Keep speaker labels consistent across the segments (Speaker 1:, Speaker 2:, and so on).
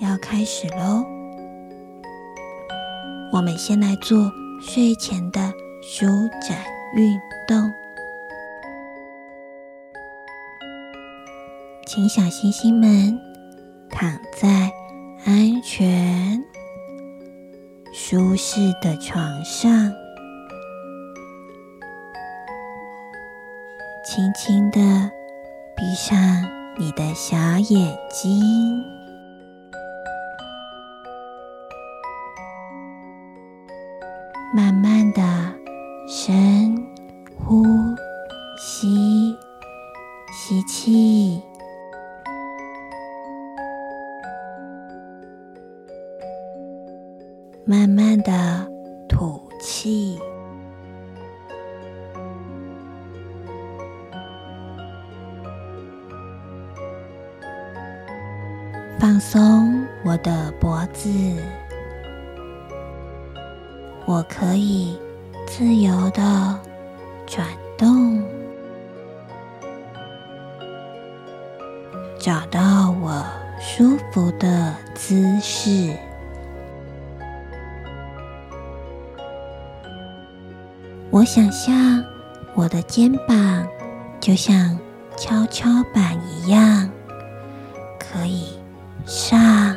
Speaker 1: 要開始囉！我們先來做睡前的舒展運動，請小星星們躺在安全舒適的床上，輕輕地閉上你的小眼睛。慢慢的深呼吸，吸氣，慢慢的吐氣，放鬆我的脖子。我可以自由的轉動，找到我舒服的姿勢。我想象我的肩膀就像蹺蹺板一樣，可以上。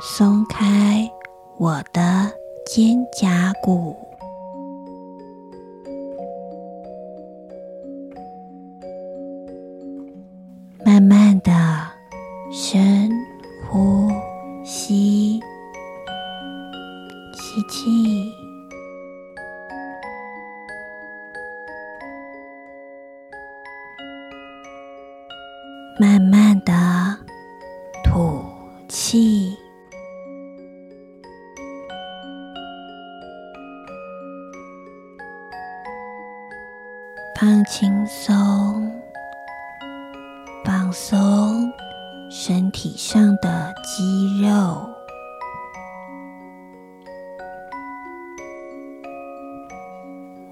Speaker 1: 鬆開我的肩胛骨。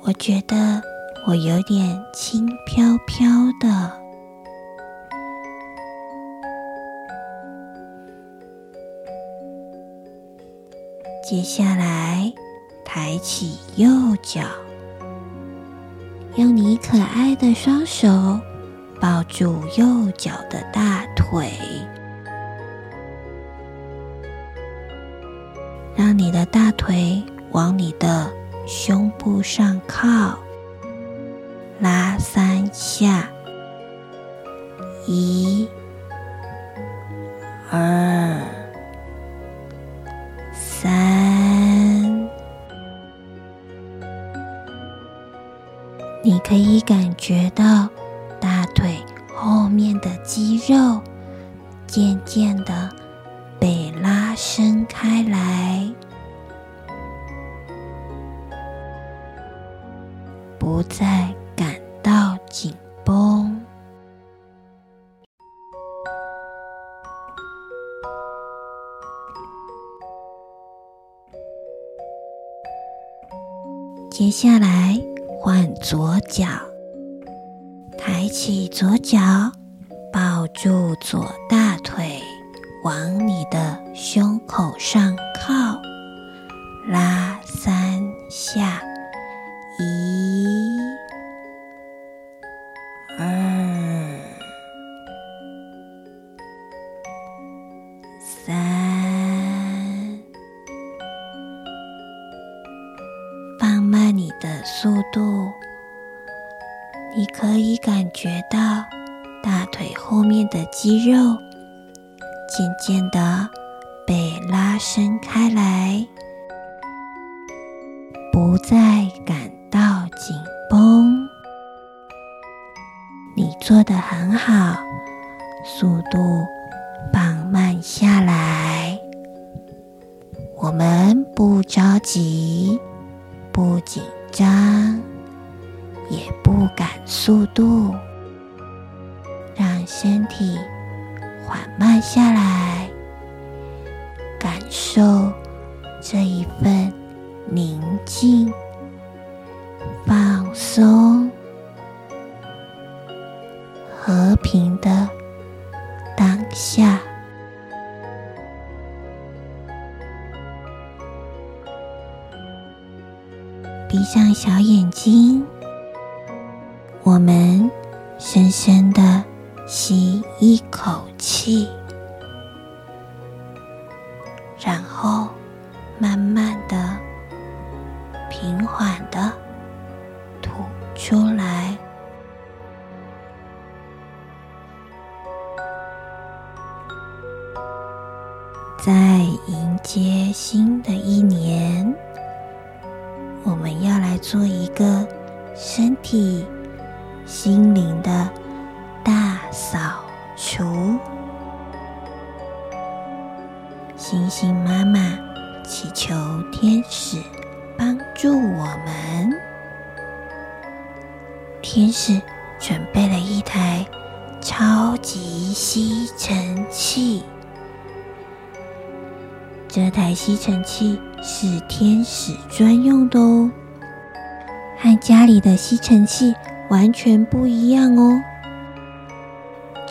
Speaker 1: 我覺得我有點輕飄飄的。接下來，抬起右腳，用你可愛的雙手抱住右腳的大腿，讓你的大腿往你的。胸部上靠，拉三下，一、二、三，你可以感覺到大腿後面的肌肉漸漸的。接下來換左腳，抬起左腳，抱住左大腿，往你的胸口上靠，拉三下。你的速度，你可以感覺到大腿後面的肌肉漸漸的被拉伸開來，不再感到緊繃。你做得很好，速度放慢下來。我們不着急，不緊。張也不敢，速度讓身體緩慢下來，感受這一份寧靜、放鬆、和平的當下。像小眼睛，我們深深的吸一口氣。星星媽媽祈求天使幫助我們。天使準備了一台超級吸塵器，這台吸塵器是天使專用的哦，和家裡的吸塵器完全不一樣哦。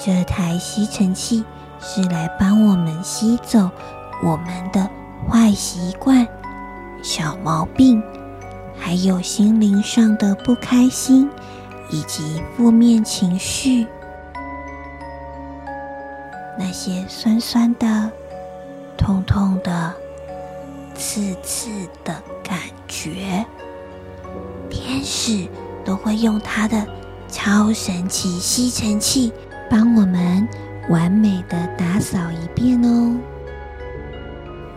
Speaker 1: 這台吸塵器是來幫我們吸走。我們的壞習慣、小毛病，還有心靈上的不開心以及負面情緒，那些酸酸的、痛痛的、刺刺的感覺，天使都會用他的超神奇吸塵器幫我們完美地打掃一遍哦。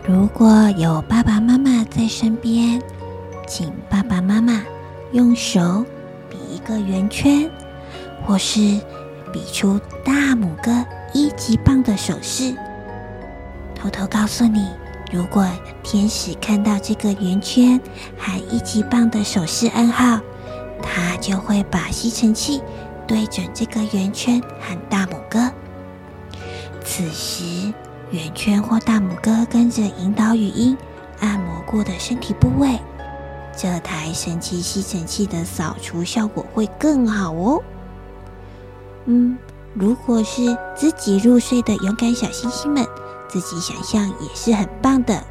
Speaker 1: 如果有爸爸媽媽在身邊，請爸爸媽媽用手比一個圓圈，或是比出大拇哥一級棒的手勢。偷偷告訴你，如果天使看到這個圓圈和一級棒的手勢暗號，他就會把吸塵器對準這個圓圈和大拇哥。此時，圓圈或大拇哥跟着引導語音，按摩過的身體部位，這台神奇吸塵器的掃除效果會更好哦。嗯，如果是自己入睡的勇敢小星星們，自己想象也是很棒的，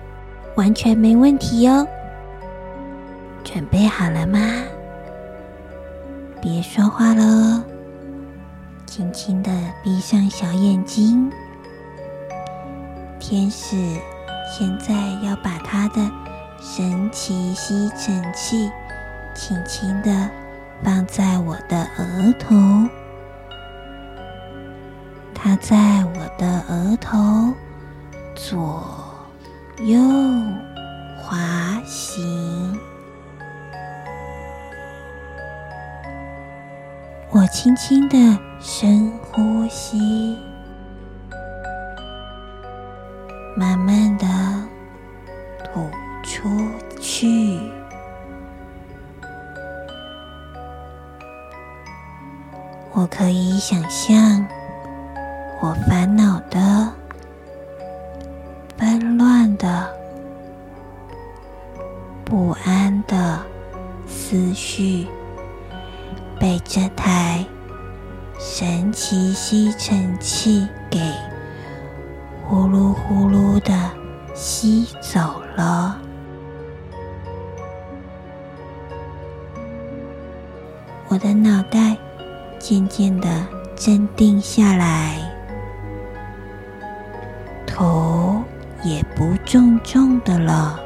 Speaker 1: 完全沒問題哦。準備好了嗎？別說話囉，輕輕的閉上小眼睛。天使現在要把他的神奇吸塵器輕輕地放在我的額頭，他在我的額頭左右滑行，我輕輕地深呼吸。慢慢的吐出去。我可以想象，我煩惱的、紛亂的、不安的思緒，被這台神奇吸塵器給呼嚕呼嚕的吸走了，我的腦袋漸漸的鎮定下來，頭也不重重的了，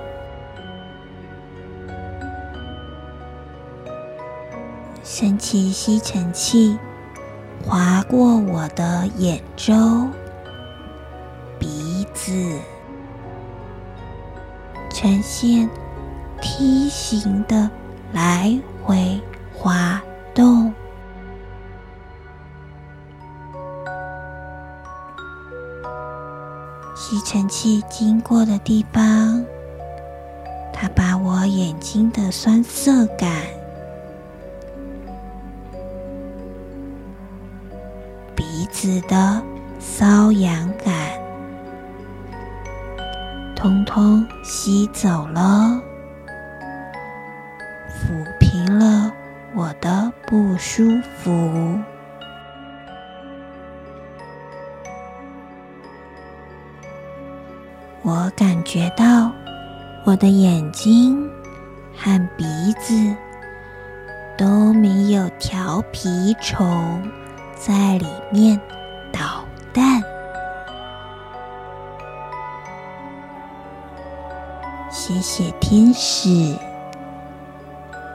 Speaker 1: 神奇吸塵器劃過我的眼周。鼻子呈現梯形的來回滑動，吸塵器經過的地方，它把我眼睛的酸澀感、鼻子的瘙癢感，通通吸走了，撫平了我的不舒服。我感覺到我的眼睛和鼻子都沒有調皮蟲在裡面。謝謝天使，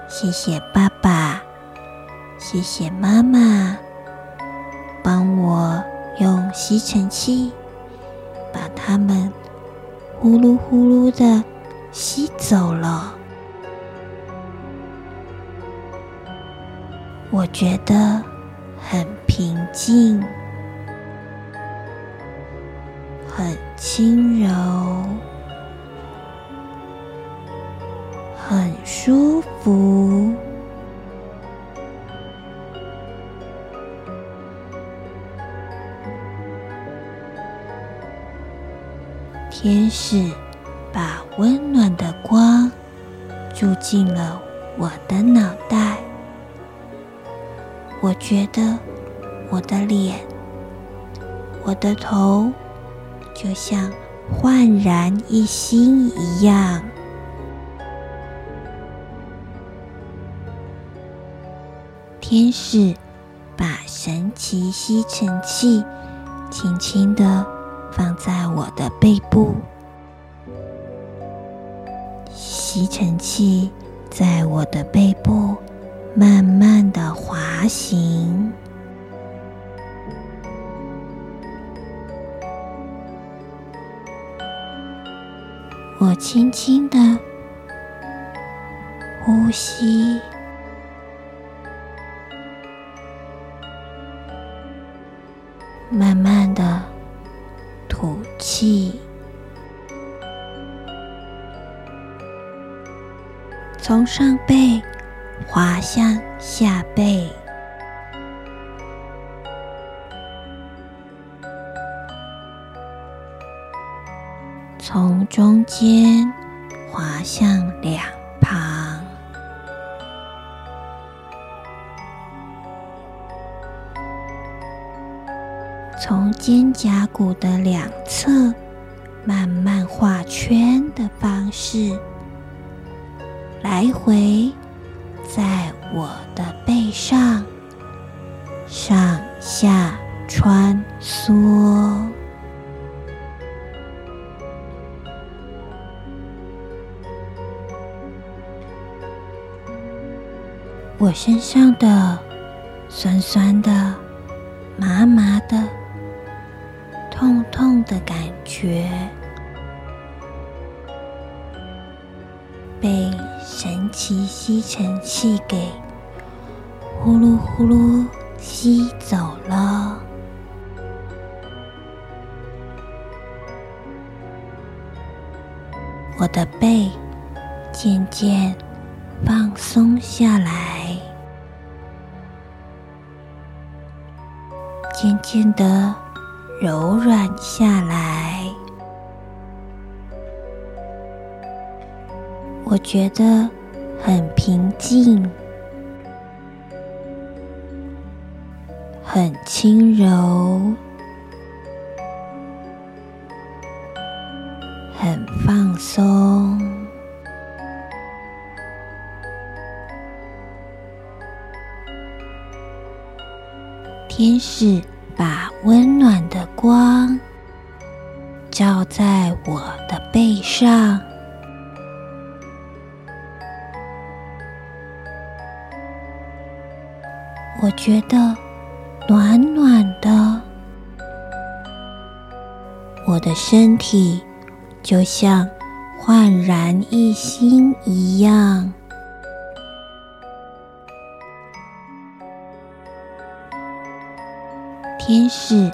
Speaker 1: 謝謝爸爸，謝謝媽媽，幫我用吸塵器把它們呼嚕呼嚕的吸走了。我覺得很平靜，很輕柔。舒服。天使把溫暖的光注進了我的腦袋，我覺得我的臉、我的頭就像煥然一新一樣。天使把神奇吸塵器輕輕地放在我的背部，吸塵器在我的背部慢慢的滑行，我輕輕的呼吸。慢慢的吐氣，從上背滑向下背，從中間滑向兩。肩胛骨的兩側，慢慢畫圈的方式，來回在我的背上上下穿梭。我身上的酸酸的、麻麻的。痛痛的感覺被神奇吸塵器給呼嚕呼嚕吸走了，我的背漸漸放鬆下來，漸漸的。柔軟下來，我覺得很平靜，很輕柔，很放鬆。天使把溫暖的光照在我的背上，我覺得暖暖的，我的身體就像煥然一新一樣。天使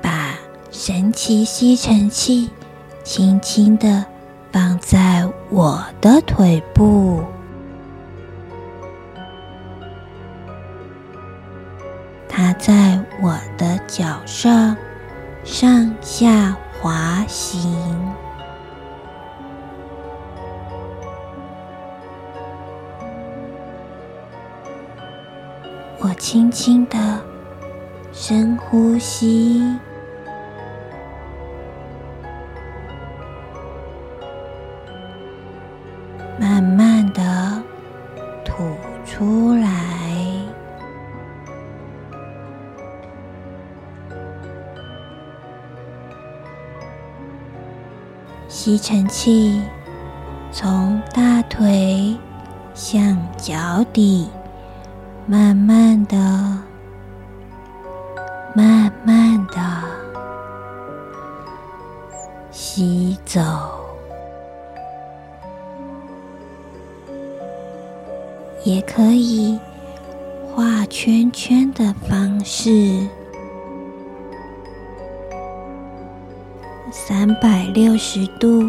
Speaker 1: 把神奇吸塵器輕輕的放在我的腿部，它在我的腳上上下滑行，我輕輕的。深呼吸，慢慢的吐出來。吸塵器從大腿向腳底，慢慢的。慢慢的吸走，也可以畫圈圈的方式，三百六十度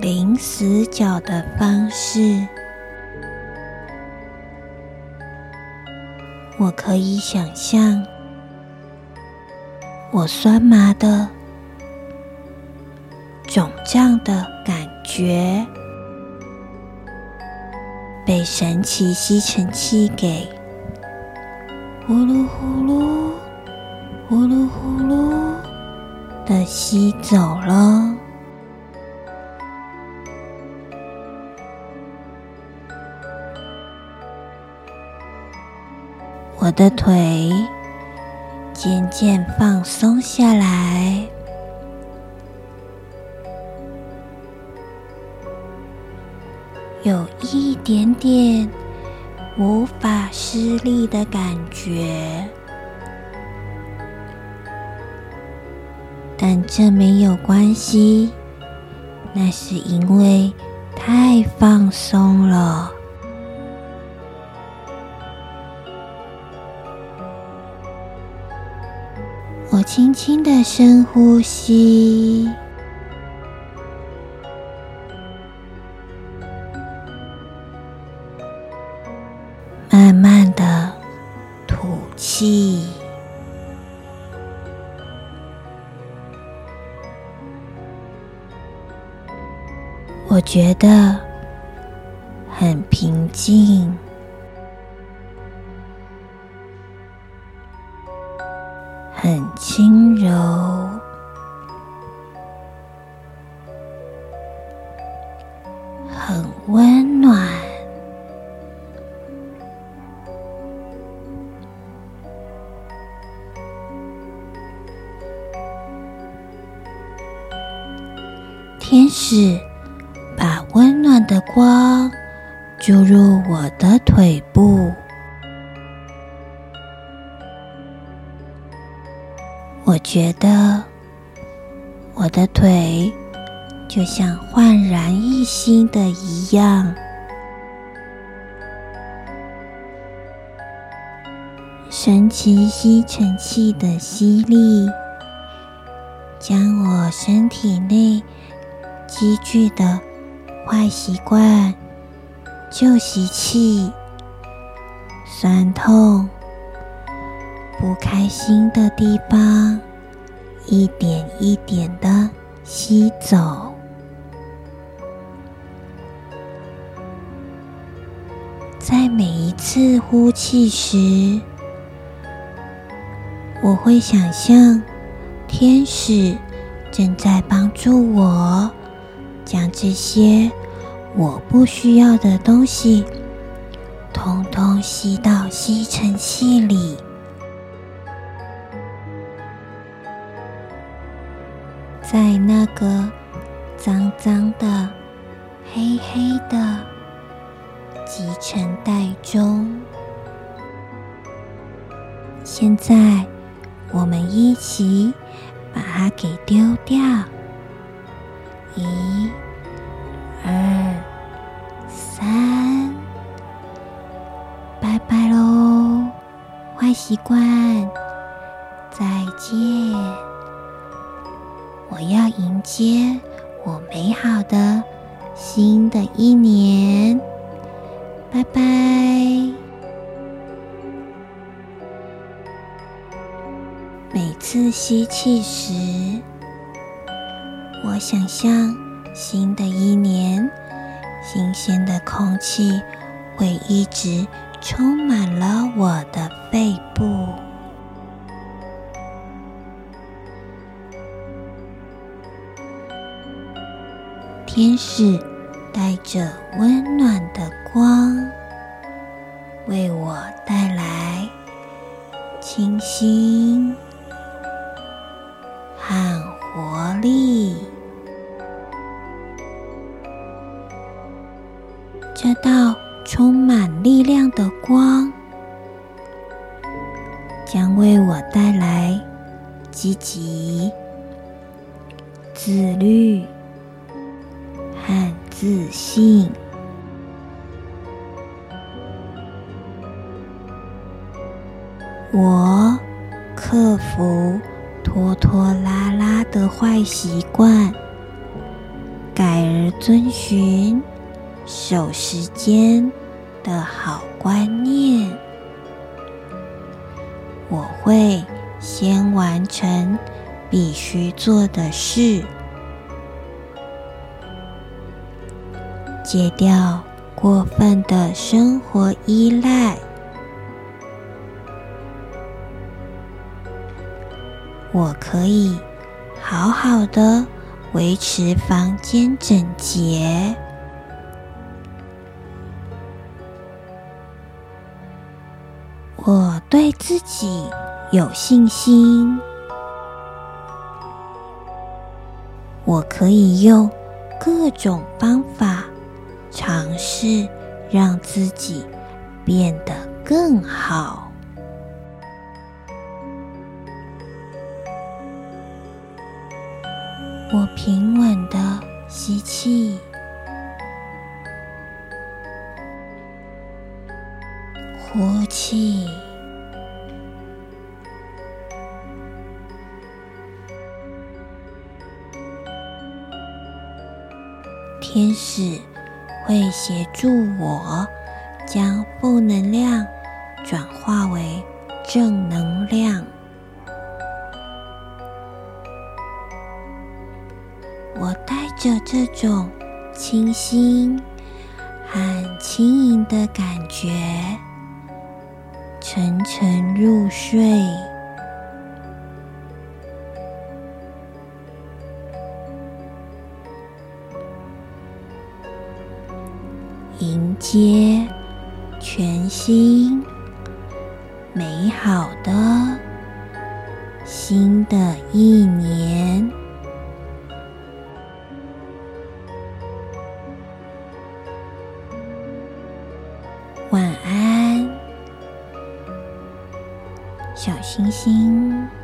Speaker 1: 零死角的方式，我可以想象。我酸麻的、腫脹的感覺，被神奇吸塵器給呼嚕呼嚕、呼嚕呼嚕的吸走了。我的腿。漸漸放鬆下來，有一點點無法施力的感覺，但這沒有關係，那是因為太放鬆了。輕輕的深呼吸，慢慢的吐氣，我覺得很平靜。天使把溫暖的光注入我的腿部，我覺得我的腿就像煥然一新的一樣。神奇吸塵器的吸力將我身體內積聚的壞習慣、舊習氣、酸痛、不開心的地方，一點一點的吸走。在每一次呼氣時，我會想象天使正在幫助我。將這些我不需要的東西，通通吸到吸塵器裡，在那個髒髒的、黑黑的集塵袋中。現在，我們一起把它給丟掉。咦？二三，拜拜嘍！壞習慣，再見！我要迎接我美好的新的一年，拜拜！每次吸氣時，我想象。新的一年，新鮮的空氣會一直充滿了我的背部。天使帶着溫暖的光，為我帶來清新和活力。這道充滿力量的光，將為我帶來積極、自律和自信。我克服拖拖拉拉的壞習慣，改而遵循守時間的好觀念，我會先完成必須做的事，戒掉過分的生活依賴，我可以好好的維持房間整潔。我對自己有信心，我可以用各種方法嘗試讓自己變得更好。我平穩的吸氣，呼。天使會協助我，將負能量轉化為正能量。我帶着這種清新很輕盈的感覺。沉沉入睡，迎接全新美好的新的一年。小星星。